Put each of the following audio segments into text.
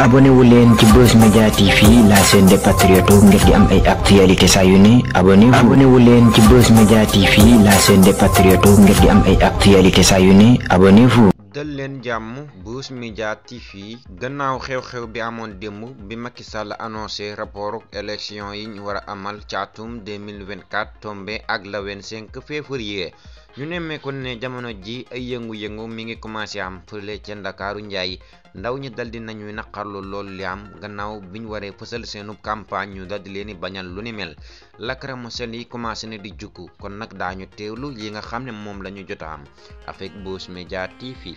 abonné wu leen ci Buzz Media TV la chaîne des ngir di am ay actualité saa yu ne abonné wu abonné wu leen ci Buzz Media TV la chaîne des patriotes ngir di am ay actualité saa yu ne abonnez-vous. leen jàmm Buzz Media TV gannaaw xew-xew bi amoon démb bi Macky Sall annoncé rapport élection yi ñu war a amal ci atum 2024 tombé ak le 25 février. ñu nemmeekoon ne jamono ji ay yëngu-yëngu mi ngi commencé am fële ca Ndakaaru Njaay ndaw ñi daldi nañuy naqarlu lool li am gannaaw ñu waree fësal seenu campagne ñu daldi leen bañal lu ni mel lacrymogène yi commencé na di jukku kon nag daañu teewlu yi nga xam ne moom la ñu jot a am avec Buzz Media TV.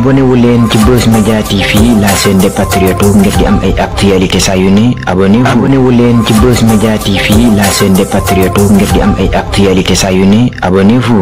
abonné wu leen ci Buzz Media TV la chaîne des patriotes ngir di am ay actualité saa yu ne abonné wu abonné wu leen ci Buzz Media TV la chaîne des patriotes ngir di am ay actualité saa yu ne abonné wu